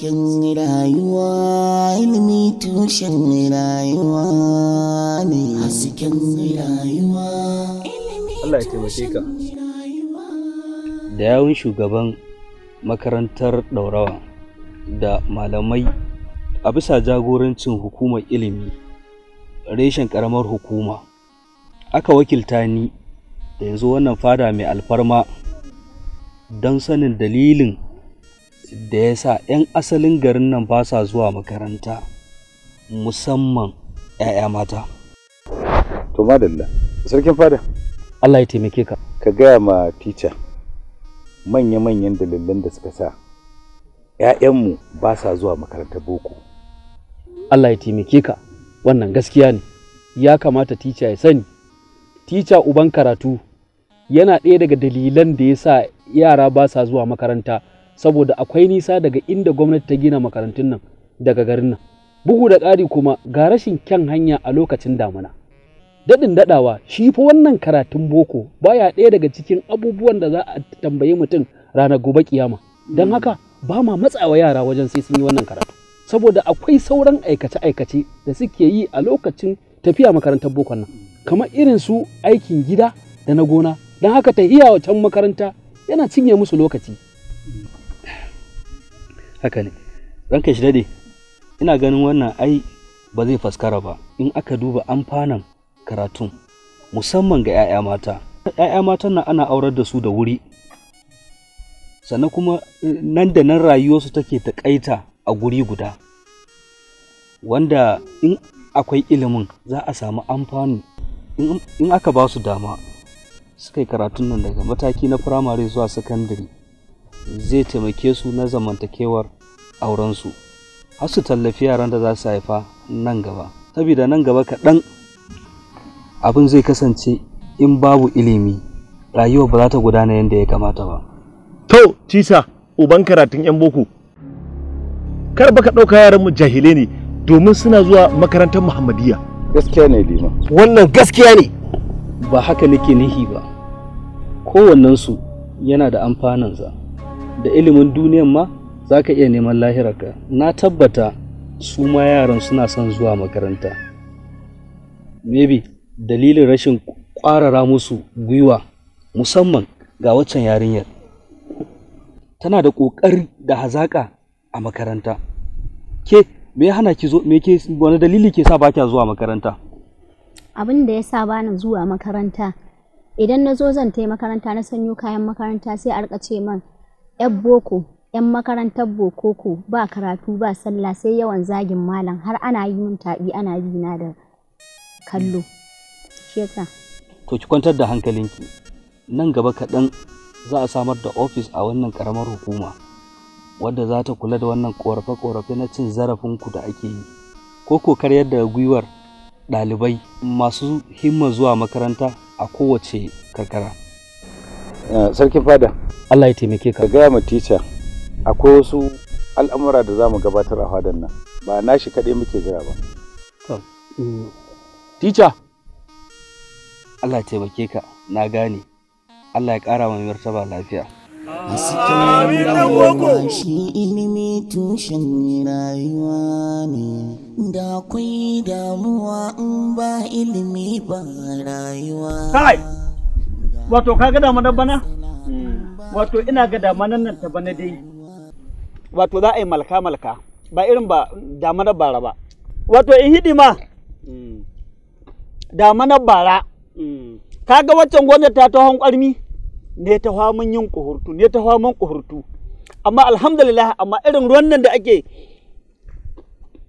cikin rayuwa ilimi tushen rayuwa ne hasken rayuwa Allah ya taimake ka da yawun shugaban makarantar ɗaurawa da malamai a bisa jagorancin hukumar ilimi reshen ƙaramar hukuma aka wakilta ni da yanzu wannan fada mai alfarma don sanin dalilin da ya sa 'yan asalin garin nan ba sa zuwa makaranta musamman 'ya'ya mata. To madalla, sarkin fada. Allah ya taimake ka. Ka gaya ma tica manya-manyan dalilan da suka sa 'ya'yanmu ba sa zuwa makaranta boko. Allah ya taimake ka wannan gaskiya ne, ya kamata tica ya sani. Tica uban karatu yana ɗaya daga dalilan da ya sa yara ba sa zuwa makaranta saboda akwai nisa daga inda gwamnati ta gina makarantun nan daga garin nan bugu da ƙari kuma ga rashin kyan hanya a lokacin damuna daɗin daɗawa shi fa wannan karatun boko baya ɗaya daga cikin abubuwan da za a tambayi mutum ranar gobe kiyama don mm. haka ba ma matsawa yara wajen sai sun yi wannan karatu saboda akwai sauran aikace-aikace da suke yi a lokacin tafiya makarantar bokon nan kamar irin su aikin gida da na gona don haka tahiya can makaranta yana cinye musu lokaci haka ne ranka shi dade ina ganin wannan ai ba zai faskara ba in aka duba amfanan karatun musamman ga 'ya'ya mata 'ya'ya matan nan ana aurar da su da wuri sannan kuma eh, nan da nan rayuwarsu take taƙaita a guri guda wanda in akwai ilimin za a samu amfani in aka ba su dama suka yi karatun nan daga mataki na firamare zuwa sakandare zai taimake su na zamantakewar aurensu har su tallafi yaran da za su haifa nan gaba saboda nan gaba kaɗan abin zai kasance in babu ilimi rayuwa ba za ta gudana yadda ya kamata ba to tisa uban karatun yan boko kar baka ɗauka yaran mu jahilai ne domin suna zuwa makarantar muhammadiyya gaskiya ne lima wannan gaskiya ne ba haka nake nihi ba kowannensu yana da amfaninsa da ilimin duniyan ma za ka iya neman lahirarka na tabbata su ma yaran suna son zuwa makaranta maybe dalilin rashin ƙwarara musu gwiwa musamman ga waccan yarinyar tana da ƙoƙari da hazaƙa a makaranta ke me ya hana ki zo me ke wani dalili ke sa ba kya zuwa makaranta abin da ya sa ba bani zuwa makaranta idan na zo zan tai makaranta na sanyo kayan makaranta sai a rika ce man 'yar boko 'yan makarantar bokoko ba karatu ba sallah sai yawan zagin malam har ana yi min taɓi ana bi na da kallo shi to ki kwantar da hankalinki nan gaba kaɗan za a samar da ofis a wannan ƙaramar hukuma wadda za ta kula da wannan ƙorafe-ƙorafe na cin zarafinku da ake yi ko kokar yadda gwiwar ɗalibai masu himma zuwa makaranta a kowace karkara Eh, sarkin fada Allah ya taimake ka gaya ma tica akwai wasu al'amura da za mu gabatar a fadan nan ba na shi kaɗai muke jira ba tica mm, Allah ya taimake ka na gane Allah ya ƙara mai martaba lafiya shi ilimi tushen rayuwa ne da kuyi damuwa in ba ilimi ba rayuwa wato ka ga damanar bana hmm. wato ina ga damanar nan ta bana dai wato za a yi malka malka ba irin ba damanar bara ba wato in hidima hmm. damanar bara hmm. ka ga waccan gwamnati ta tahon kwarmi ne ta hamun yin kuhurtu ne ta hamun kuhurtu amma alhamdulillah amma irin ruwan nan da ake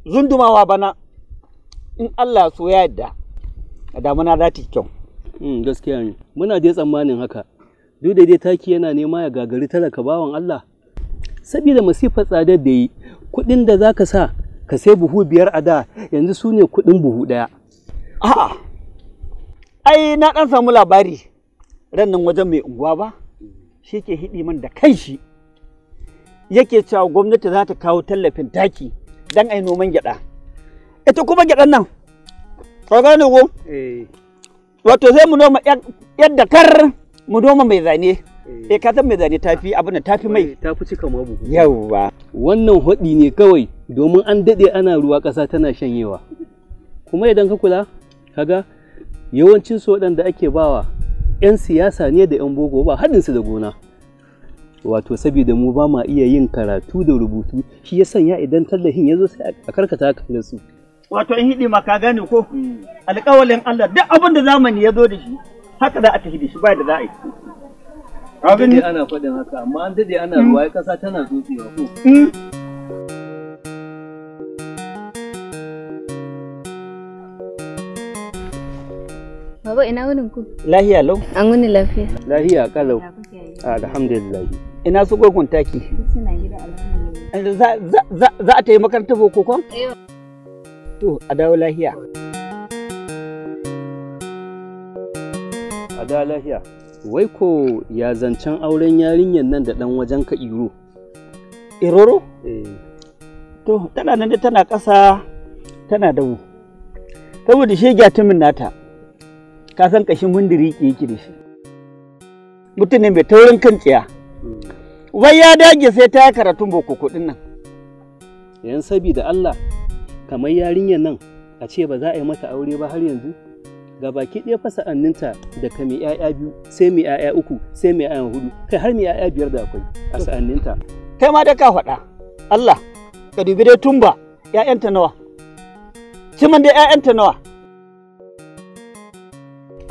zundumawa bana in Allah so ya yarda damuna za ta kyau Mm, gaskiya ne muna dai tsammanin haka duk da dai taki yana nema ya gagari talaka bawan Allah saboda masifar tsadar da yi kuɗin da zaka sa ka sai buhu biyar a da yanzu su ne kuɗin buhu ɗaya a'a ai na ɗan samu labari Rannan wajen mai unguwa ba shi ke hiɗi man da kanshi yake cewa gwamnati za ta kawo tallafin taki don a noman gyaɗa ita kuma gyaɗan nan ka gane ko eh. wato zai mu noma yadda kar mu noma mai zane eh. eh ka san mai zane tafi abin da tafi mai eh, tafi cika mabu wannan hodi ne kawai domin an dade ana ruwa ƙasa tana shanyewa kuma idan ka kula kaga yawancin su waɗanda ake bawa 'yan siyasa ne da 'yan boko ba haɗinsu da gona wato saboda mu ba ma iya yin karatu da rubutu shi ya sanya idan tallahin ya zo sai a karkata da su wato in hidima ka gane ko mm. alƙawalin Allah duk abin da zamani ya zo da shi haka za a ta da shi ba da za a yi abin ana faɗin haka amma an dade ana mm. ruwa ƙasa tana zuciya ko mm. Baba ina wunin ku? Lahiya lau. An wuni lafiya. Lahiya kalau. Alhamdulillah. Ina su gwagwun taki. Suna gida alhamdulillah. Za a ta yi makarantar boko kwan? To, a dawo lahiya. A dawo lahiya. Wai ko ya zancen auren yarinyar nan da ɗan wajen ka iro. Iroro? Eh. To, tana nan da tana ƙasa tana dawo. Saboda shi shege tumin nata, ka san ƙashin mundiri yake da shi. Mutum ne mai taurin kan tsiya. Hmm. Wai ya dage sai ta karatun boko kuɗin nan. Yan sabida Allah. kamar yarinyar nan a ce ba za a yi mata aure ba har yanzu ga baki ɗaya fasa anninta da ka mai ƴaƴa biyu sai mai ƴaƴa uku sai mai ƴaƴa hudu kai har mai ƴaƴa biyar da akwai a sa'anninta kai ma da ka faɗa Allah ka dubi dai tumba Ƴaƴanta nawa kiman dai ƴaƴanta nawa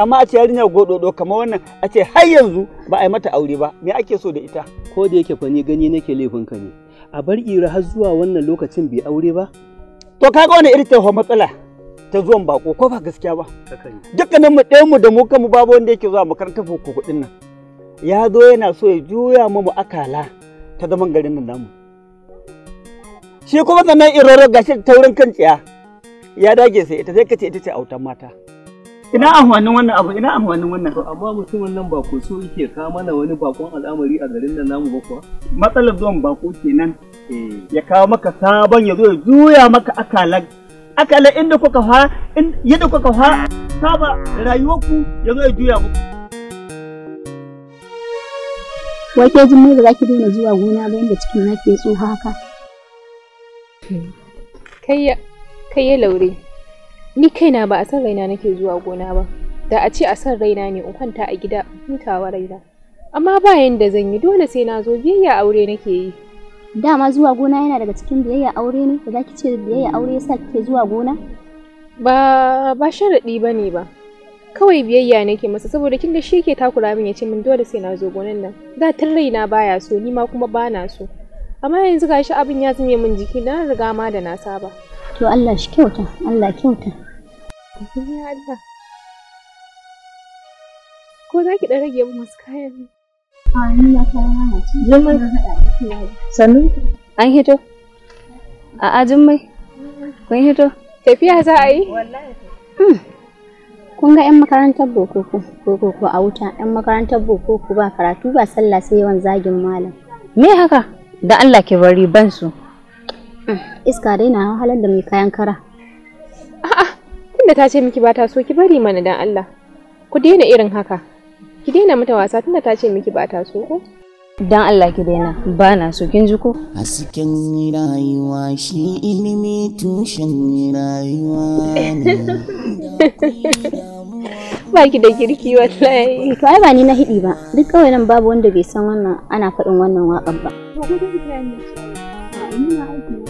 amma a ce yarinya gododo kamar wannan a ce har yanzu ba a yi mata aure ba me ake so da ita ko da yake fa ni gani nake laifin ka ne a bar ira har zuwa wannan lokacin bai aure ba to kaga wani irin taho matsala ta zuwan bako ko ba gaskiya ba dukkanin mu ɗayan mu da mu kanmu babu wanda yake zuwa makarantar boko kuɗin nan ya zo yana so ya juya mu akala ta zaman garin nan namu shi kuma sannan iroro gashi taurin kan tsiya ya dage sai ita sai kace ita ce autan mata ina amfanin wannan abu ina amfanin wannan to amma mutum nan bako so yake ka mana wani bakon al'amari a garin nan namu ba kuwa matsalar zuwan bako kenan Eh. ya kawo maka sabon ya zo ya juya maka akalan akalan inda kuka fa yadda kuka fa saba rayuwarku ya zo ya juya muku wai jin mai da zaki daina zuwa gona bayan da cikin na ke tsoha haka Kai ya laure ni kaina ba a san raina nake zuwa gona ba da a ce a san raina ne in kwanta a gida hutawa raina amma ba yanda zan yi dole sai na zo biyayya aure nake yi dama zuwa gona yana daga cikin biyayya aure ne da zaki ce biyayya aure yasa kike zuwa gona ba ba sharadi bane ba kawai biyayya nake masa saboda kin ga shi ke takura min yace min dole sai na zo gonan nan da tun raina baya so ni ma kuma bana so amma yanzu gashi abin ya zame min jiki na riga ma da na saba to Allah shi kyauta Allah kyauta ko za ki ɗan rage min wasu kayan Jummai. Sannu? An hito? A'a Jummai. Kun hito? Tafiya za a yi? Hmm. Kun ga 'yan makarantar bokoko, bokoko a wuta, 'yan makarantar bokoko ba karatu ba sallah sai yawan zagin malam. Me haka? Da Allah ke bari ban su. Hmm. Iska dai na wahalar da mai kayan kara. A'a, tunda ta ce miki ba ta so ki bari mana dan Allah. Ku daina irin haka. Ki daina mata wasa tunda ta ce miki ba ta so ko? Dan Allah ki daina ba na so kin ji ko? Hasken rayuwa shi ilimi tushen rayuwa Ba ki da kirki wallahi. To ba ni na hidi ba. Duk kawai nan babu wanda bai san wannan ana faɗin wannan waƙar ba. ko ku ni. Ina aiki.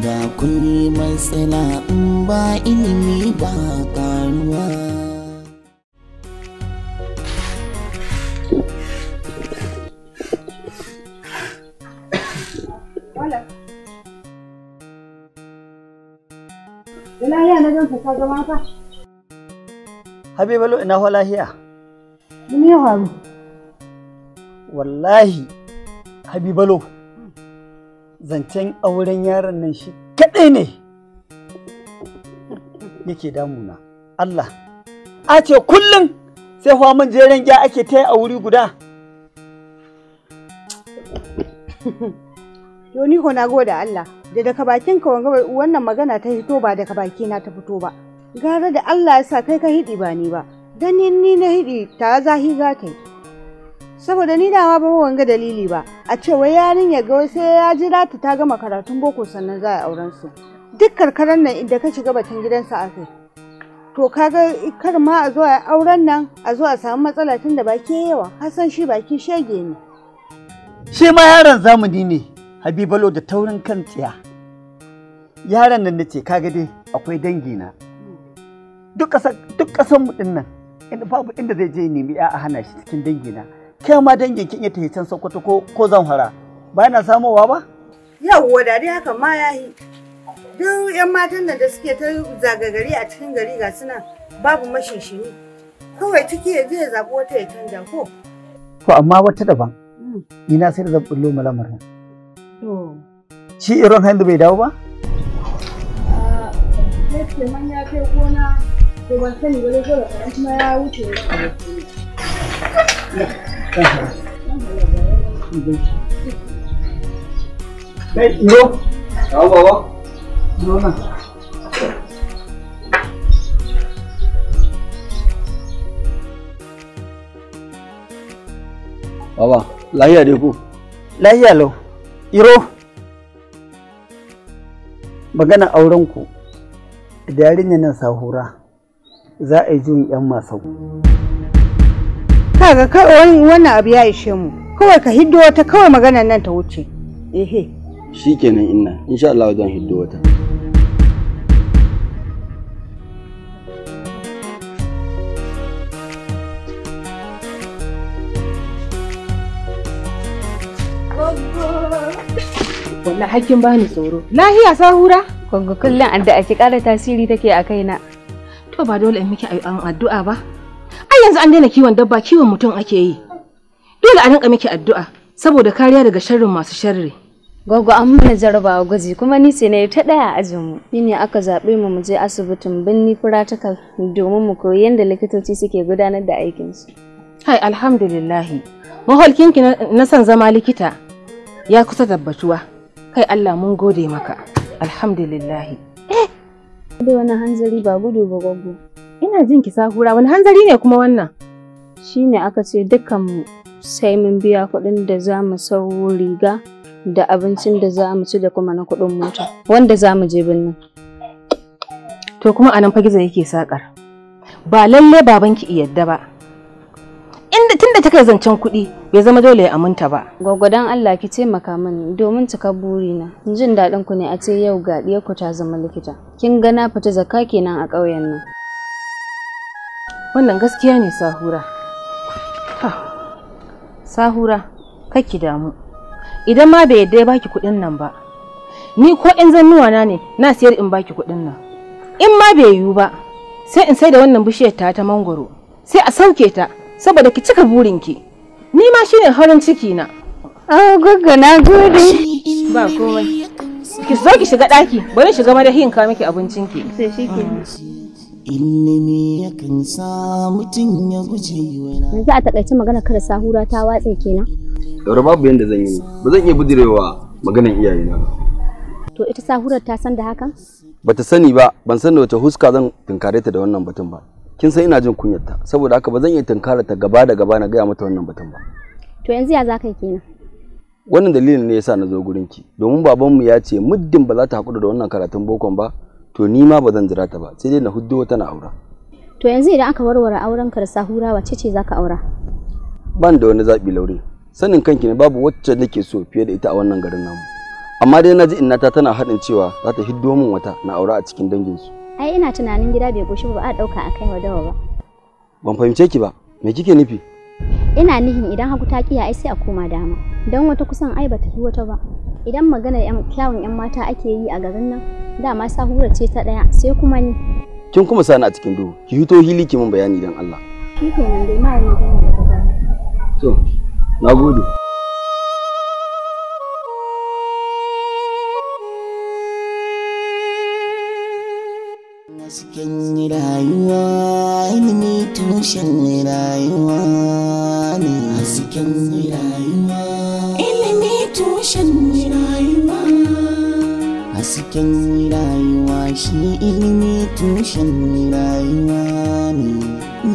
da kulli matsala in ba ilimi ba karuwa Ina yi na jan fasa zama ka? Habibalo ina fa lahiya. Ni me ya faru? Wallahi, Habibalo. zancen auren yaron nan shi kaɗai ne yake damuna Allah a ce kullum sai faman jeren gya ake ta a wuri guda Yoni ko na gode Allah da daga bakin ka wanga wannan magana ta hito ba daga baki na ta fito ba gara da Allah ya sa kai ka hidi ba ni ba dan ni na hidi ta zahi za ta yi saboda ni dawa ba wanga dalili ba a cewa yarinyar ga sai ya jira ta ta gama karatun boko sannan za a auren su duk karkarar nan inda ka shiga batun gidansa a kai to kaga kar ma a zo a auren nan a zo a samu matsala tun da baki yawa ka san shi baki shege ne shi ma yaron zamani ne habibalo da taurin kan tsiya yaron nan nace kaga dai akwai dangi na duk kasan mu ɗin nan babu inda zai je nemi ya a hana shi cikin dangi na. kai ma dangin kin iya tafi can Sokoto ko ko Zamfara ba yana samowa ba yawwa da dai haka ma yayi duk yan matan nan da suke ta zagagari a cikin gari ga suna babu mashinshini kawai ciki ya je ya zabi wata ya canja ko to amma wata daban hmm. ni na sai da zan bullo malamarin to shi irin handu bai dawo ba Yeah. ya to kuma ya wuce. Đây, vô. Đó vô. Vô nè. Baba, lahiya de ku. Lahiya lau. Iro. Magana auren ku. Da yarinya nan sahura. Za a yi jin 'yan masau. ga kawai wannan abu ya ishe mu kawai ka hiddo wata kawai maganar nan ta wuce ehe shikenan inna insha Allah zan hiddo wata Wannan hakkin bani tsoro lahiya sahura gongo kullum addu'a ki ƙara tasiri take a kaina to ba dole in miki addu'a ba yanzu an daina kiwon dabba kiwon mutum ake yi. Dole a rinka miki addu'a saboda kariya daga sharrin masu sharri. Gwaggo an mana jarabawa gwaji kuma ni sai na ta ɗaya a ajinmu. Ni ne aka zaɓe mu mu je asibitin birni practical domin mu koyi yadda likitoci suke gudanar da aikinsu. Hai alhamdulillahi. Maholkinki na son zama likita ya kusa tabbatuwa. Kai Allah mun gode maka. Alhamdulillahi. Eh! Da wani hanzari ba gudu ba gwaggo. Ina jin ki sahura wani hanzari ne kuma wannan? Shi ne aka ce dukkan sai mun biya kuɗin da za mu sau riga da abincin da za mu ci da kuma na kuɗin mota wanda za mu je birnin. To kuma anan fa gizo yake sakar. Ba lalle babanki yadda ba. Inda tunda ta kai zancen kuɗi bai zama dole ya aminta ba. Gwagwadon Allah ki taimaka min domin cika burina. Jin daɗin ku ne a ce yau ga ku ta zama likita. Kin ga na fita zakka kenan a ƙauyen nan. Wannan gaskiya ne sahura. Sahura, ki damu. Idan ma bai yadda ya baki kuɗin nan ba, ni ko in zannuwa na ne na sayar in baki kuɗin nan. In ma bai yiwu ba, sai in sai da wannan bishiyar ta ta mangoro, sai a sauke ta saboda ki cika burinki. Ni ma shine farin ciki na. Oh, goggo na gode. Ba komai. Ki zo ki shiga ɗaki, bari shiga madahin ka miki abincinki. Sai shi ilimi yakan sa mutum ya guje wani yanzu a taƙaice magana kada sahura ta watse kenan daura babu yadda zan yi ba zan iya budirewa maganan iyayena ba to ita sahurar ta san da hakan ta sani ba ban san da wata huska zan tunkare ta da wannan batun ba kin san ina jin kunyarta saboda haka ba zan iya tunkare ta gaba da gaba na gaya mata wannan batun ba to yanzu ya za kai kenan wannan dalilin ne yasa na zo gurin ki domin babanmu ya ce muddin ba za ta haƙura da wannan karatun bokon ba to ni ma ba zan jira ta ba sai dai na huddo wata na aura to yanzu idan aka warware auren ka da sahura wacce ce zaka aura ban da wani zabi laure sanin kanki ne babu wacce nake so fiye da ita a wannan garin namu amma dai naji innata tana haɗin cewa za ta hiddo min wata na aura a cikin danginsu ai ina tunanin gida bai goshi ba a dauka a kai wadawa ba ban fahimce ki ba me kike nufi ina nihin idan hagu ta kiya ai sai a koma dama dan wata kusan ai bata ta fi wata ba idan magana kyawun 'yan mata ake yi a garin nan dama sahura ce ta ɗaya sai kuma ni kin kuma sani a cikin duhu ki hito hili ki min bayani dan Allah shi kenan dai to rayuwa ilimi tushen rayuwa ne. Hasken rayuwa hasken rayuwa shi ilimi tushen rayuwa ne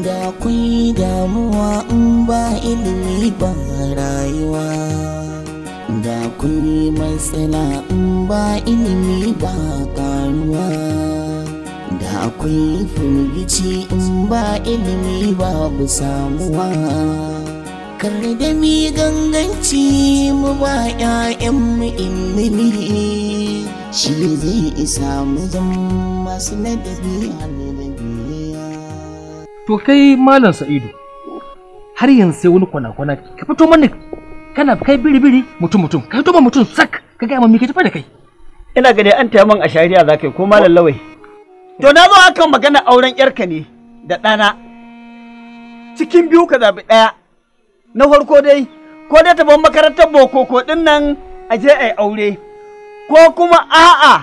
da kwai damuwa in ba ilimi ba rayuwa da kwai matsala in ba ilimi ba karuwa da akwai firgici in ba ilimi babu samuwa kardami ganganci mu ba 'ya'yanmu ilimi shi zai isa mu zama masu ladabi a To kai Malam Sa'idu, har yanzu sai wani kwana-kwana ka fito mana kana kai biri-biri mutum-mutum, ka fito mutum sak ka gaya min me ka tafa da kai. Ina gani an taya min a shari'a za ka yi ko Malam Lawai. To na zo akan magana auren yarka ne da ɗana. Cikin biyu ka zaɓi ɗaya. Na farko dai, ko dai tafi makarantar boko ko ɗin nan a je a yi aure. ko kuma a'a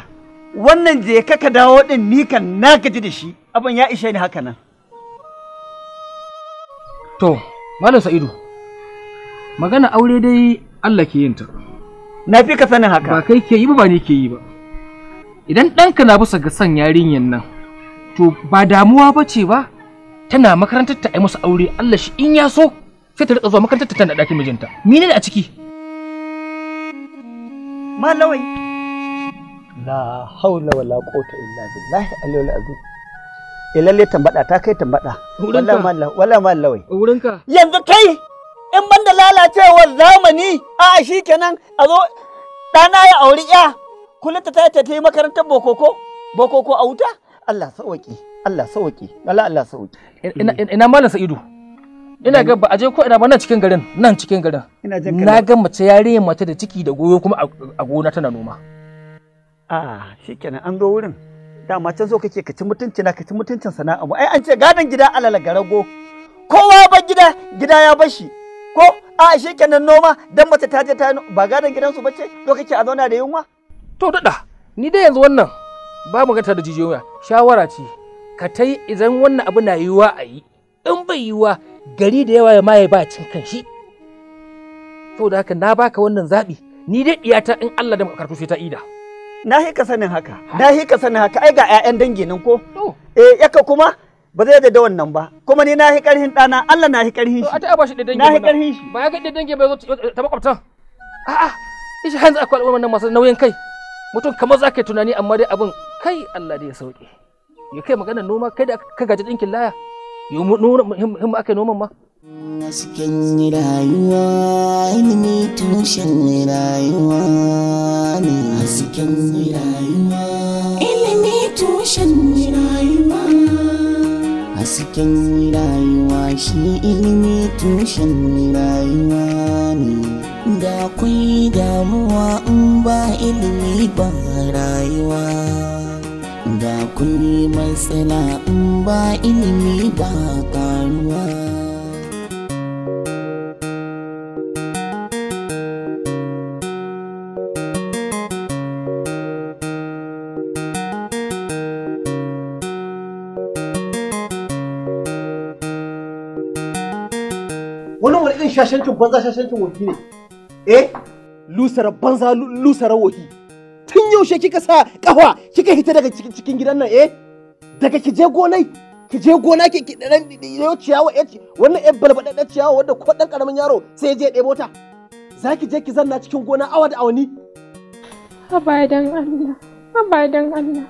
wannan je ka ka dawo din ni kan na gaji da shi abin ya ishe ni haka nan to malam sa'idu magana aure dai Allah ke yin ta na fi ka sanin haka ba kai ke yi ba ni ke yi ba idan ɗanka na bisa ga son yarinyan nan to ba damuwa ba ce ba tana makarantar ta ai masa aure Allah shi in ya so sai ta rika zuwa makarantar ta tana ɗakin mijinta ne a ciki malawai la haula wala quwwata illa billahi alil azim eh lalle tambada ta kai tambada wala mallah wala wai wurinka yanzu kai in banda lalacewar zamani a shikenan a zo dana ya auri ya kulata ta ta yi makarantar bokoko bokoko a wuta Allah sauki Allah sauki Wala Allah sauki eh, ina malam sa'idu ina ga ba a je ko ina ba nan cikin garin nan cikin garin na ga mace yarinya mace da ciki da goyo kuma a gona tana noma shi shikenan an zo wurin dama can so kake ka ci mutunci na ka mutuncin sana'a mu ai an ce gadon gida alala garago kowa ba gida gida ya bashi ko a shikenan noma dan mace ta je ta ba gadon gidansu bace to kake a zauna da yunwa to dada ni dai yanzu wannan ba mu gata da jijiyoyi shawara ce ka tai idan wannan abu na yiwuwa a yi in bai yiwuwa gari da yawa ya maye ba cin kan shi saboda haka na baka wannan zabi ni dai iyata in Allah da makarfi ta ida na hika sanin haka na hika sanin haka ai ga 'ya'yan dangi nan ko eh yaka kuma ba zai da wannan ba kuma ni na hi karhin dana Allah na hi karhin shi ta ba shi da dangi na hi karhin shi ba ya ga dangi ba zo ta makwabta a'a ishi hanzu akwai al'umma nan masu nauyin kai mutum kamar za tunani amma dai abin kai Allah dai ya sauke ya kai magana noma kai da ka gaji dinkin laya yau himma ake noman ma Hasken rayuwa ilimi tushen rayuwa ne. Hasken rayuwa ilimi tushen rayuwa. Hasken rayuwa shi ilimi tushen rayuwa ne. da akwai damuwa in ba ilimi ba rayuwa da akwai matsala in ba ilimi ba karuwa shashancin banza shashancin wofi ne eh Lusara banza lusara wofi tun yaushe kika sa kafa kika hita daga cikin gidan nan eh daga ki je gonai ki je gona ki ki dan yau ciyawa eh, wannan yan balbaɗaɗɗen ciyawa wanda ko dan karamin yaro sai je ɗebo ta za ki je ki zanna cikin gona awa da awani dan Allah dan Allah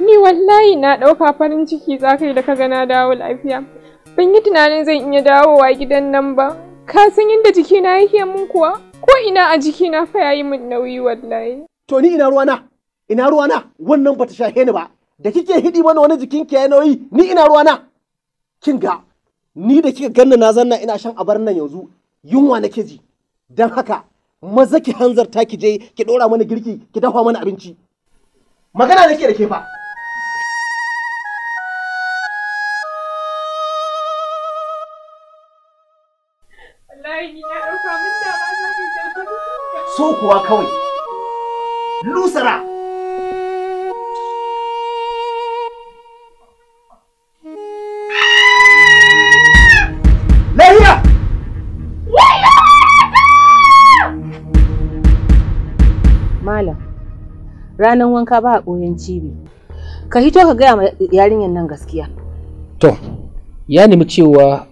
ni wallahi na ɗauka farin ciki za ka yi da ka gana dawo lafiya ban yi tunanin zan iya dawowa gidan nan ba Ka san yadda jikina yake mun kuwa? Ko ina a jikina fa yayi min nauyi wallahi. To ni ina ruwana? Ina ruwana? Wannan bata sha ni ba. Da kike hidi mana wani jikin ke nauyi, ni ina ruwana? Kin ga ni da kika ganna na zanna ina shan abar nan yanzu yunwa nake ji. Dan haka maza ki hanzarta ki je ki dora mana girki ki dafa mana abinci. Magana nake da ke fa. so kuwa kawai lusara Malam, ranar wanka ba a cibi. Ka hito ka gaya ma yarinyar nan gaskiya. To, ya nemi cewa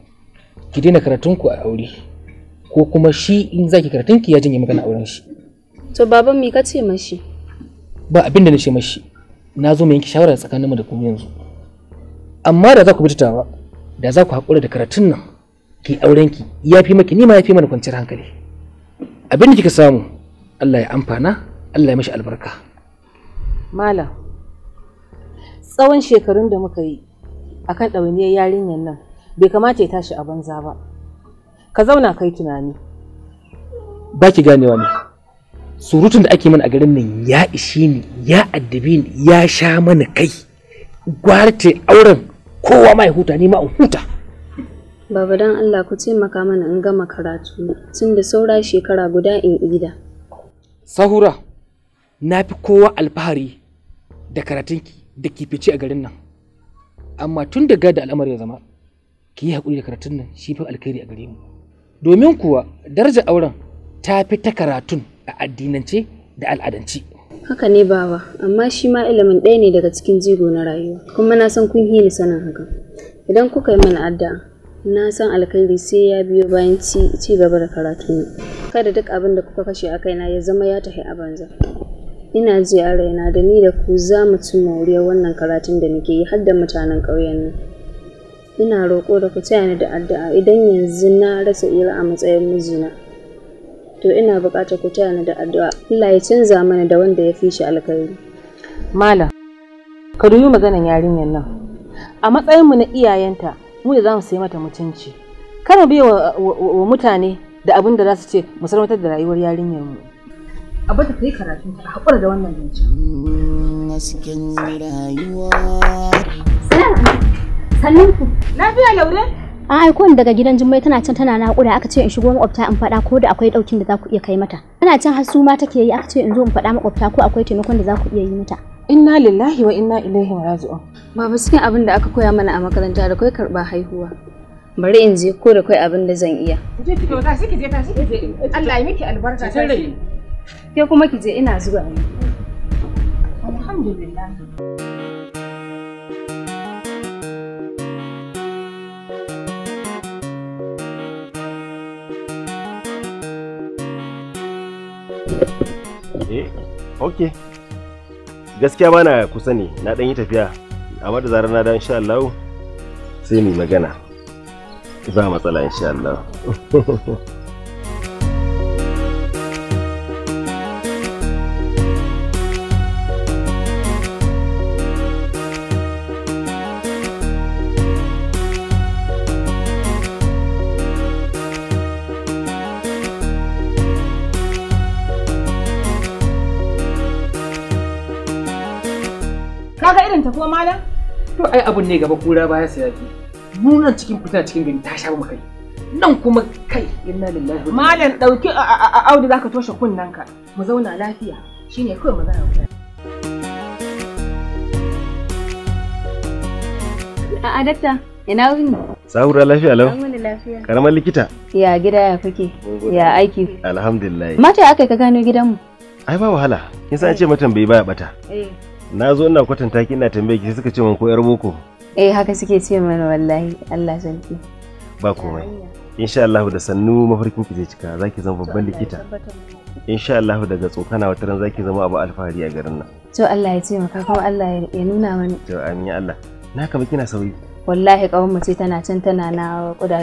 ki daina karatunku a aure. ko kuma shi in zaki karatun ki ya janye magana auren shi to baban me ka ce mashi ba abin da na ce mashi na zo mu yanke shawara tsakaninmu da kuma yanzu amma da za ku bi tawa da za ku haƙura da karatun nan ki auren ki ya fi maki nima ya fi mana kwanciyar hankali abin da kika samu Allah ya amfana Allah ya mashi albarka malam tsawon shekarun da muka yi akan ɗawainiyar yarinyar nan bai kamata ya tashi a banza ba ka zauna kai tunani ba ki ganewa ne surutun da ake mana a garin nan ya ishi ni ya addabi ni ya sha mana kai gwarce auren kowa ma huta ni ma in huta Baba dan Allah ku taimaka mana in gama karatu tun da saura shekara guda in ida. Sahura na fi kowa alfahari da karatunki da ke fice a garin nan. Amma tun da gada al'amari ya zama ki yi haƙuri da karatun nan shi fi alkhairi a gare mu. domin kuwa daraja auren ta fi ta karatun a addinance da al'adance. Haka ne baba, amma shi ma ilimin ɗaya ne daga cikin jigo na rayuwa, kuma na san kun hini sanin haka. Idan kuka yi mana adda, na san alkhairi sai ya biyo bayan ci gaba da karatu ne. Kada duk abin da kuka kashe a na ya zama ya tafi a banza. Ina ji a raina da ni da ku za mu ci wannan karatun da muke yi har da mutanen ƙauyen nan. ina roƙo da ku taya da addu'a idan yanzu na rasa ira a matsayin mijina to ina buƙatar ku taya da addu'a Allah ya canza mana da wanda ya fi shi alkhairi malam ka duyi maganar yarinyar nan a matsayin mu na iyayenta mu da zamu sai mata mutunci kana bi wa, mutane da abin da za su ce mu da rayuwar yarinyar mu a bata karatun ta hakura da wannan na rayuwa. Sannan ku. Lafiya Laure? An aiko ni daga gidan Jummai tana can tana naƙuda aka ce in shigo makwabta in faɗa ko da akwai ɗaukin da za ku iya kai mata. Tana can har su ma take yi aka ce in zo in faɗa makwabta ko akwai taimakon da za ku iya yi mata. Inna lillahi wa inna ilaihi raji'un. Baba cikin abin da aka koya mana a makaranta da kai karɓa haihuwa. Bari in je ko da kai abin da zan iya. Je ki ta ki je ta ki je. Allah ya miki albarka ta shi. Ke kuma ki je ina zuwa. Alhamdulillah. eh okay gaskiya bana kusa ne na dan yi tafiya amma da zarar na dan insha Allah sai mu magana za matsala insha Allah kuwa malam? To ai abun ne gaba kura baya sa yafi. Nunan cikin fitina cikin gari ta sha kai. Nan kuma kai inna lillahi Malam dauki Audu zaka toshe kunnanka. Mu zauna lafiya. Shine kawai mu zauna. A'a dakta, ina wuni? Sahura lafiya lau? lafiya. Karamar likita? Ya gida ya kuke? Ya aiki? Alhamdulillah. Mata aka ka gano gidanmu? Ai ba wahala. Kin san ce matan bai baya bata. Eh. na zo ina kwatanta ki ina tambaye ki suka ce min ko yar boko eh haka suke ce mana wallahi Allah sarki ba komai insha Allah da sannu mafarkin ki zai cika zaki zama babban likita insha Allah daga tsokana wata ran zaki zama abu alfahari a garin nan to Allah ya taimaka kuma Allah ya nuna mana to amin Allah na kama kina sauri wallahi kawai mace tana can tana na kuda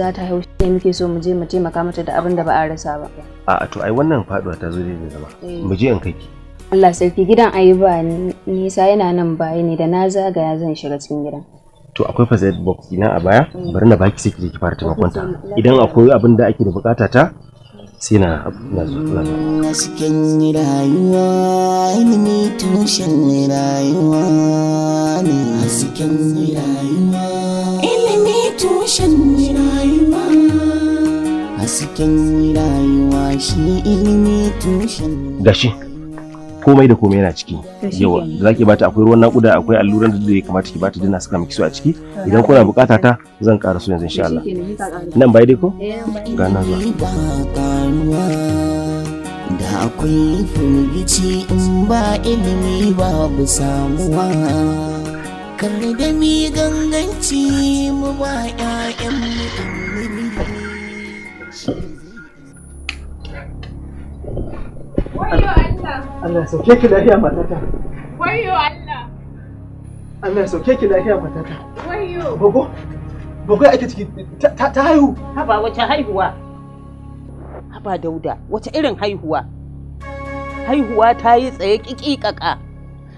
za ta hau shi muke so mu je mu taimaka mata da abin da ba a rasa ba a'a to ai wannan faduwa ta zo ne zama eh. mu je in kai ki Allah sarki gidan ayi ba nisa yana nan baya ne da na zagaya zan shiga cikin gidan. To akwai faset box ina a baya bari na baki sai ki fara taimakon ta. Idan akwai abin da ake da bukata ta sai na na zuwa. Hasken rayuwa ilimi tushen rayuwa ne. Hasken rayuwa ilimi tushen rayuwa. Hasken rayuwa shi ilimi tushen. Gashi. komai da komai yana ciki yawa za bata akwai ruwan nakuda akwai alluran da ya kamata ki bata dina saka miki su a ciki idan kuna bukata ta zan kara so yanzu insha Allah nan bai dai ko eh, ga nan zuwa da akwai firgici in ba ilimi babu samuwa kar da mi ganganci mu ba 'ya'yanmu ilimi Why are you Allah. Allah ya sauke ki lafiya matata. Wayo Allah. Allah ya sauke ki lafiya matata. Wayo. Bogo. Bogo ake ciki ta haihu. Haba wace haihuwa? Haba Dauda, wace irin haihuwa? Haihuwa ta yi tsaye kikikaka.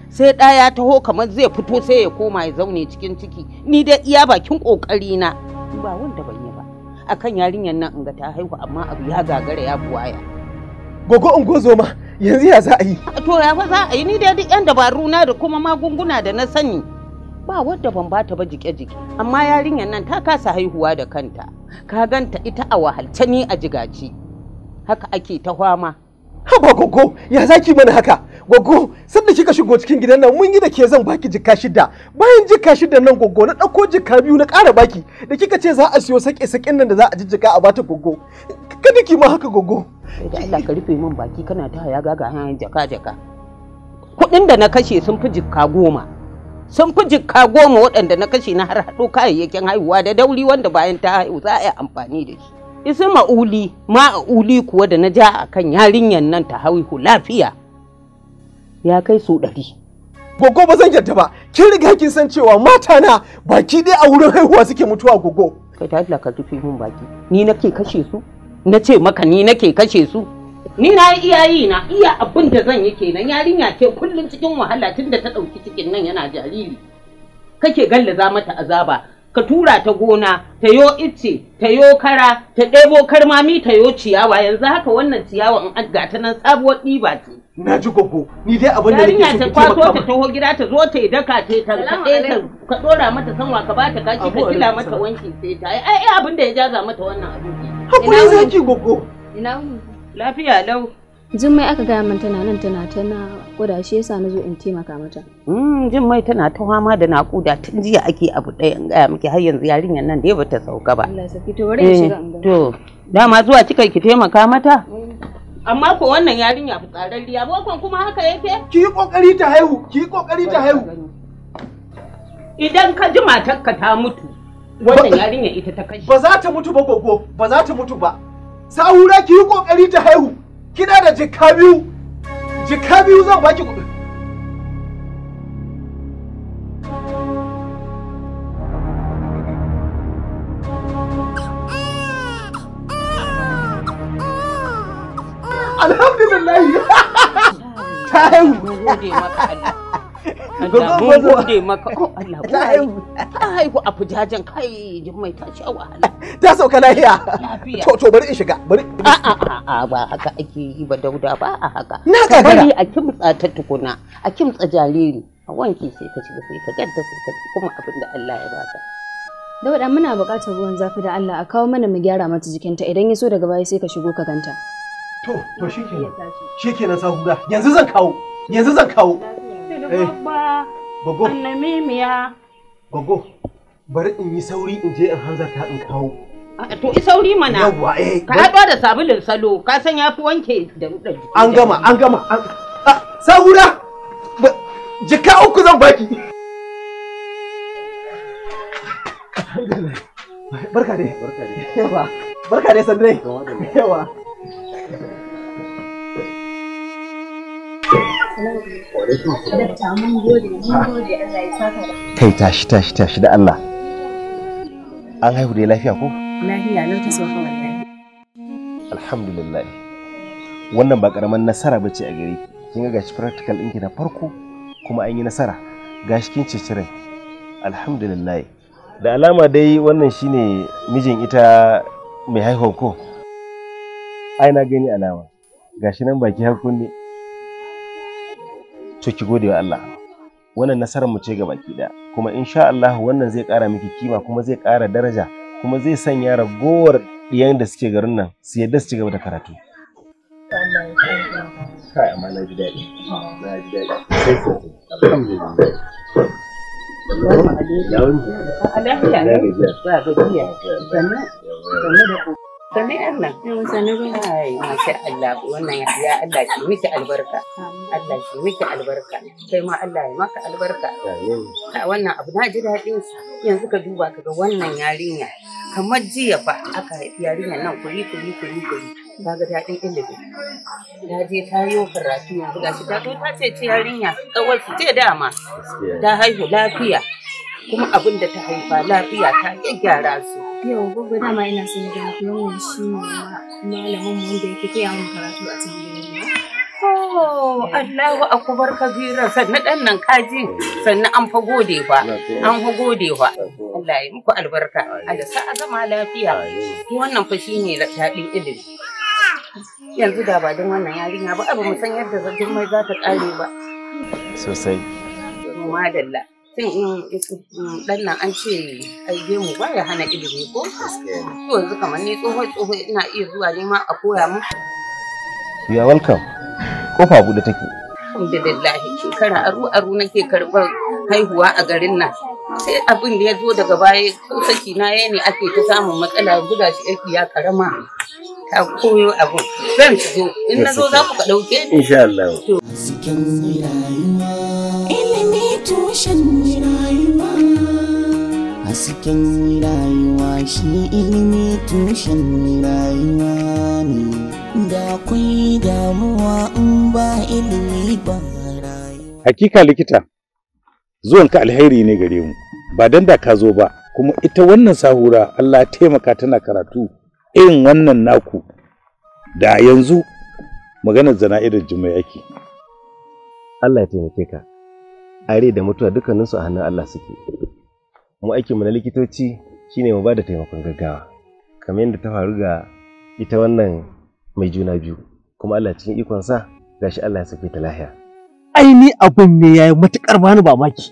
Sai ɗa ya taho kamar zai fito sai ya koma ya zaune cikin ciki. Ni dai iya bakin ƙoƙari na. Ba wanda ban yi ba. Akan yarinyar nan in ga ta haihu amma abu ya gagara ya buwaya. Gogo in gozo ma. yanzu ya za a yi to ya fa za a yi ni dai duk yan dabaru na da kuma magunguna da na sani ba wadda ban bata ba jike-jike amma yarinyar nan ta kasa haihuwa da kanta ka ganta ita a wahalce ni a jigaci haka ake ta kwama haba gogo ya zaki mana haka gogo sanda kika shigo cikin gidan nan mun yi da ke zan baki jikka shida bayan jikka shida nan gogo na ɗauko jikka biyu na kara baki da kika ce za a siyo sake sakin nan da za a jijjika a bata gogo ka ki ma haka gogo da Allah ka rufe min baki kana ta haya gaga hanyar jaka jaka kuɗin da na kashe sun fi jikka goma sun fi jikka goma waɗanda na kashe na har haɗo kayayyakin haihuwa da dauri wanda bayan ta haihu za a yi amfani da shi isi ma'uli ma'uli kuwa da na ja a kan yarinyar nan ta haihu lafiya ya kai su ɗari. Gogo ba zan yarda ba, kin riga kin san cewa mata na baki dai a wurin haihuwa suke mutuwa gogo. Kai ta Allah ka rufe min baki, ni nake kashe su, na ce maka ni nake kashe su. Ni na yi iyayi na iya abin da zan yi kenan yarinya ke kullum cikin wahala tun da ta ɗauki cikin nan yana jariri. Kake gallaza mata azaba, ka tura ta gona ta yo itce, ta yo kara ta ɗebo karmami ta yo ciyawa yanzu haka wannan ciyawa in an gata nan sabuwar ɗiba ce. na ji gogo ni dai abin da nake so ta ta taho gida ta zo ta yi daka ta ta ta ka dora mata sanwa ka ba ta kashi ka kila mata wanki sai ta ai ai abin da ya jaza mata wannan abin. hakuri zaki gogo. ina lafiya lau. Jummai aka gaya min tana nan tana ta na kuda shi yasa nazo zo in taimaka mata. Mm, Jummai tana ta fama da nakuda tun jiya ake abu ɗaya in gaya miki har yanzu yarinyar nan dai bata sauka ba. Allah saki to bari shiga in eh, To dama zuwa kika ki taimaka mata? Amma ko wannan yarinya fitsararriya bokon kuma haka yake? Ki yi kokari ta haihu, ki yi kokari ta haihu. Idan ka ji matarka ta mutu, wannan yarinya ita ta kashe. Ba za ta mutu ba gogo, ba za ta mutu ba. Sa'ura ki yi kokari ta haihu. kina da jika biyu jika biyu zan baki kuɗi alhamdulillah ta Allah Allah mun gode maka oh Allah ta haihu a fujajen kai jimmai ta a wahala ta sauka lafiya lafiya to to bari in shiga bari a a ba haka ake yi ba dauda ba a haka na ga bari a kimtsa ta tukuna a kimtsa jariri a wanke sai ka shiga sai ka ganta sai ka kuma abin da Allah ya baka dauda muna buƙatar ruwan zafi da Allah a kawo mana mu gyara mata jikinta idan ya so daga baya sai ka shigo ka ganta to to shikenan shikenan sahura yanzu zan kawo yanzu zan kawo Eh, babba gogo annamimiya gogo bari in yi sauri in je in hanzarta in kawo ah, to i sauri mana eh ka haɗo da sabulin salo ka san ya wanke da an gama an gama ah, ah, sahura jika uku zan baki barka dai barka dai yawa barka dai yawa Kai tashi tashi tashi da Allah. An haihu da lafiya ko? Lafiya na ta sauka wallahi. Alhamdulillah. Wannan ba karaman nasara ba ce a gare Kin ga gashi practical ɗinki na farko kuma an yi nasara. Gashi kin ceci rai. Alhamdulillah. Da alama dai wannan shine mijin ita mai haihuwa ko? Ai na gani alama. Gashi nan baki har kunne. to ki gode wa Allah wannan nasarar mu ce baki daya kuma insha Allah wannan zai kara miki kima kuma zai kara daraja kuma zai sanya ragowar ɗiyan da suke garin nan su yadda su ci gaba da karatu alhamdulillah sannan Allah. Sannan zuwa. Ai, masha Allah, wannan ya Allah shi miki albarka. Allah shi miki albarka. Kai ma Allah ya maka albarka. Wannan abu na ji daɗin sa. Yanzu ka duba ka ga wannan yarinya. Kamar jiya fa aka haifi yarinya nan kuri kuri kuri kuri. Ka ga daɗin ilimi. Ta je ta yi wa karatu yanzu gashi ta zo ta ce ce yarinya. Kawai ce dama. Ta haihu lafiya. kuma abin da ta haifa lafiya ta gyara su. Yau gobe dama ina son da kuma shi ne malamin mu wanda yake kiyaye min karatu a cikin gari. Oh, Allahu akubar kabira sannan dan nan kaji sannan an fa gode ba an fa gode ba Allah ya muku albarka Allah sa a zama lafiya wannan fa shine daɗin ilimi yanzu da ba don wannan yarinya ba abu mu san yadda zan mai za ta kare ba sosai madalla dan mm, nan an ce aige mu ba ya hana ilimi ko to yanzu kamar ni tsohon tsohon ina iya zuwa ne ma a koya mu you are welcome kofa bude take alhamdulillah shekara aru aru nake karɓar haihuwa a garin nan sai abin da ya zo daga baya ko saki na ya ne ake ta samun matsala guda shi aiki ya karama ta koyo abu zan zo in na zo za ku ka dauke ni insha Allah hasken rayuwa shi ilimi tushen rayuwa ne da akwai damuwa in ba ilimi ba rayuwa hakika likita Zuwan ka alheri ne gare mu ba dan da ka zo ba kuma ita wannan sahura Allah taimaka tana karatu irin wannan naku da yanzu maganar zana'idar juma'a yake Allah ya taimake ka are da mutuwa dukkaninsu a hannun Allah suke mu aikin mu na likitoci shine mu bada taimakon gaggawa kamar yadda ta faru ga ita wannan mai juna biyu kuma Allah cikin ikonsa gashi Allah ya sake ta lahiya aini abin ne ya matukar matuƙar bani mamaki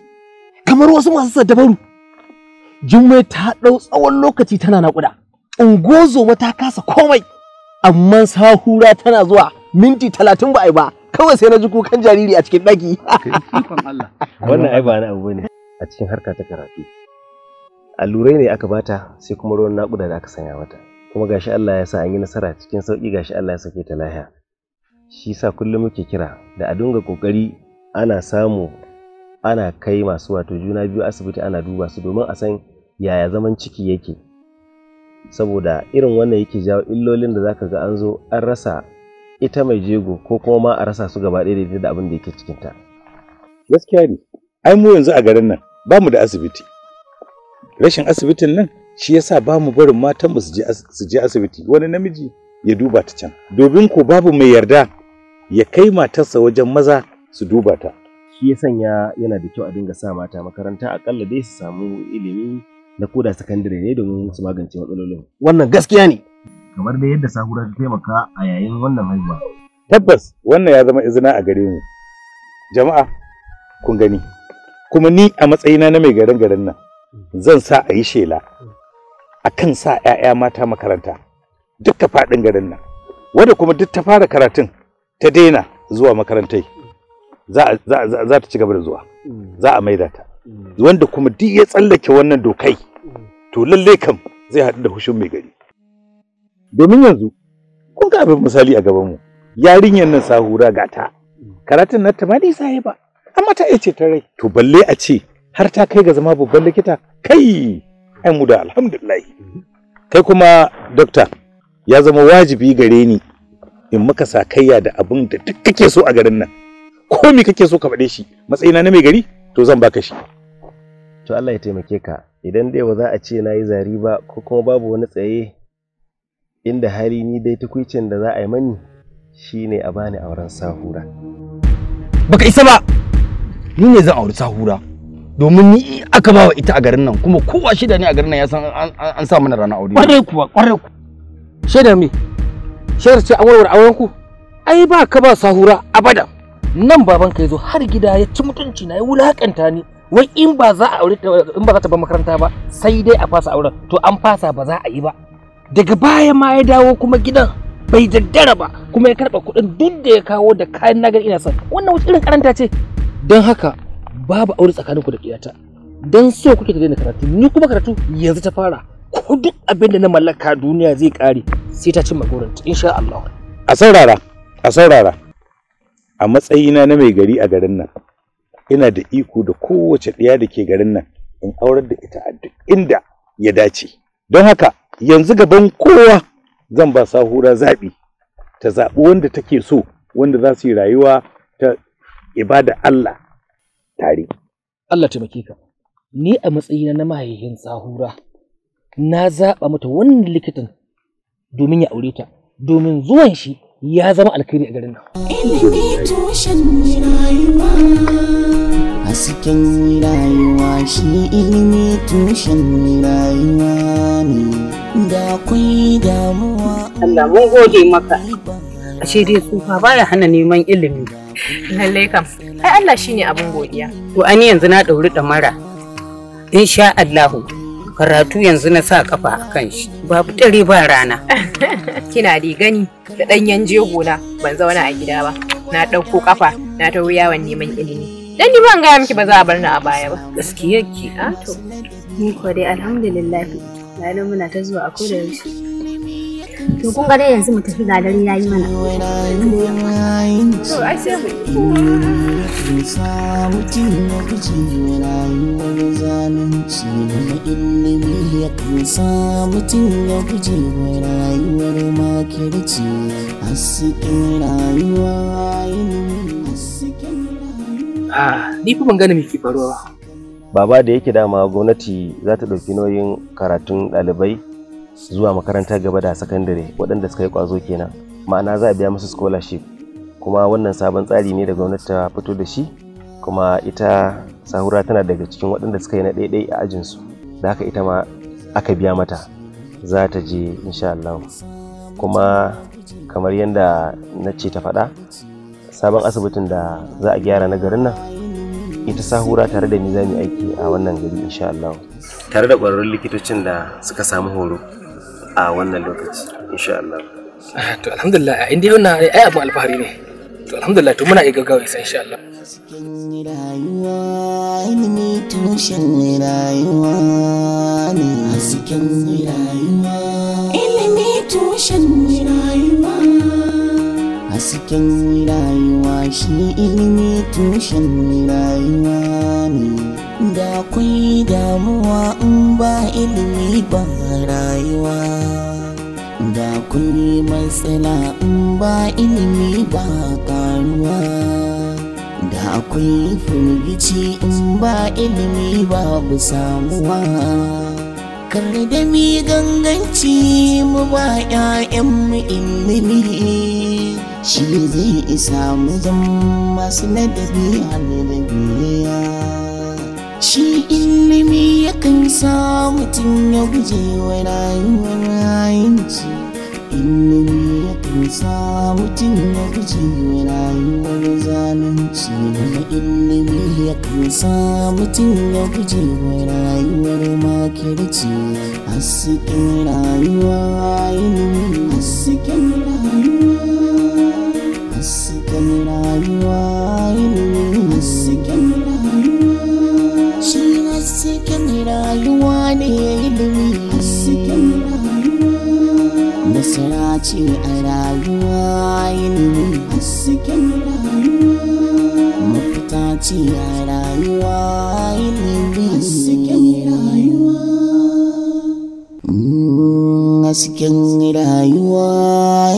kamar wasu masu dabaru jummai ta ɗau tsawon lokaci tana naƙuda ungozoma ta kasa komai amma sahura tana zuwa minti talatin ba a ba kawai sai na ji kukan jariri a cikin ɗaki wannan ai ba na abu ne a cikin harka ta karatu allurai ne aka bata sai kuma ruwan naƙuda da aka sanya mata kuma gashi Allah ya sa an yi nasara cikin sauƙi gashi Allah ya sake ta lahiya shi sa kullum muke kira da a dinga kokari ana samu ana kai masu wato juna biyu asibiti ana duba su domin a san yaya zaman ciki yake saboda irin wannan yake jawo illolin da zaka ga an zo an rasa ita mai jego ko kuma ma a rasa su gaba ɗaya da abin da yake cikinta gaskiya ne ai mu yanzu a garin nan ba mu da asibiti rashin asibitin nan shi yasa ba mu barin matan mu su je asibiti wani namiji ya duba ta can domin ko babu mai yarda ya kai matarsa wajen maza su duba ta shi ya sanya yana da kyau a dinga sa mata makaranta akalla dai su samu ilimi na koda sakandare ne domin su magance matsalolin wannan gaskiya ne kamar dai yadda sahura ta taimaka a yayin wannan haihuwa tabbas wannan ya zama izina a gare mu jama'a kun gani kuma ni a matsayina na mai garin garin nan zan sa a yi shela a kan sa 'ya'ya mata makaranta duk ta faɗin garin nan wadda kuma duk ta fara karatun ta daina zuwa makarantai za ta ci gaba da zuwa mm. za a maida ta mm. wanda kuma duk ya tsallake wannan dokai mm. to lallai kam zai haɗu da hushin mai gari domin yanzu kun ga abin misali a gabanmu yarinyar nan sahura ga ta karatun na ta ma yi ba amma ta ce ta rai to balle a ce har ta kai ga zama babban likita kai ai mu da alhamdulillah kai kuma dokta ya zama wajibi gare ni in maka sakayya da abin da duk kake so a garin nan ko me kake so ka faɗe shi matsayina na mai gari to zan baka shi to Allah ya taimake ka idan dai ba za a ce na yi zari ba ko kuma babu wani tsaye inda hali ni dai tukwicin da za a yi mani shine a bani auren sahura baka isa ba ni ne zan auri sahura domin ni aka bawa ita a garin nan kuma kowa shida ne a garin nan ya san an sa mana rana aure kuwa kwarai ku shaida me shehar ce an warware auren ku ai ba ka ba sahura abada nan baban ka yazo har gida ya ci mutunci na ya wulakanta ni wai in ba za a aure in ba za ta bar makaranta ba sai dai a fasa auren to an fasa ba za a yi ba daga baya ma ya dawo kuma gidan bai daddara ba kuma ya karba kuɗin duk da ya kawo da kayan nagar ina son wannan wace irin karanta ce don haka babu aure tsakaninku da iyata don so kuke ta daina karatu ni kuma karatu yanzu ta fara ko duk abin da na mallaka duniya zai kare sai ta cimma gurinta insha Allah a saurara a saurara a matsayina na mai gari a garin nan ina da iko da kowace ɗaya da ke garin nan in aurar da ita a duk inda ya dace don haka yanzu gaban kowa zan ba sahura zaɓi ta zaɓi wanda take so wanda za su yi rayuwa ta ibada Allah tare Allah taimake ka ni a matsayina na mahaihin sahura na zaɓa mata wannan likitan domin ya aure ta domin zuwan shi ya zama alkhairi a garin nan. Ilimi tushen rayuwa, Hasken rayuwa shi ilimi tushen rayuwa ne da kwai damuwa. Allah mun gode maka. Ashe dai tsufa baya hana neman ilimi. Lallai kam, ai Allah shi ne abin godiya. To an yanzu na ɗauri ɗamara. Insha Allahu. karatu yanzu na sa kafa a kan shi babu dare ba rana kina da gani da danyen jegona ban zauna a gida ba na ɗauko kafa na ta yawon neman ilimi dan ni ban gaya miki ba za a bar ni a baya ba gaskiya ki ah, to ni ko dai alhamdulillah na muna ta zuwa a koda yaushe to kun ga dai yanzu mu tafi ga dare yayi mana zalunci ah, ni fa ban gane faruwa baba da yake dama gwamnati za ta ɗauki nauyin karatun ɗalibai zuwa makaranta gaba da sakandare waɗanda suka yi ƙwazo kenan ma'ana za a biya musu scholarship kuma wannan sabon tsari ne da gwamnati ta fito da shi kuma ita sahura tana daga cikin waɗanda suka yi na ɗaiɗai a ajinsu da haka ita ma aka biya mata za ta je insha Allah kuma kamar yadda na ce ta faɗa sabon asibitin da za a gyara na garin nan ita sahura tare da ni za aiki a wannan gari insha Allah tare da ƙwararrun likitocin da suka samu horo a wannan lokaci insha Allah to alhamdulillah inda yau na ai abu alfahari ne to alhamdulillah to muna gaggawa sai insha Allah rayuwa ilimi tushen rayuwa ne hasken rayuwa ilimi tushen rayuwa hasken rayuwa shi ilimi tushen rayuwa ne da kun damuwa in ba ilimi ba rayuwa da kun matsala in ba ilimi ba karuwa da kun firgici in ba ilimi ba bu samuwa mi ganganci mu ba 'ya'yanmu ilimi shi zai isa mu zama masu ladabi a ladabi ilimi yakan sa mutum ya guje wa rayuwar rayunci ilimi yakan sa mutum ya guje wa rayuwar zalunci daga ilimi yakan sa mutum ya guje wa rayuwar makirci cikin rayuwa ilimi cikin rayuwa cikin rayuwa ne ya yi dumi rayuwa nasara ce a rayuwa yi dumi hasken rayuwa mafita ce a rayuwa yi dumi rayuwa hasken rayuwa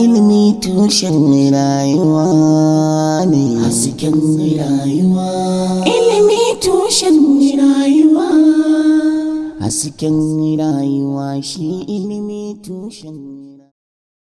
ilimi tushen rayuwa ne hasken rayuwa ilimi tushen rayuwa hasken rayuwa shi ilimi tushen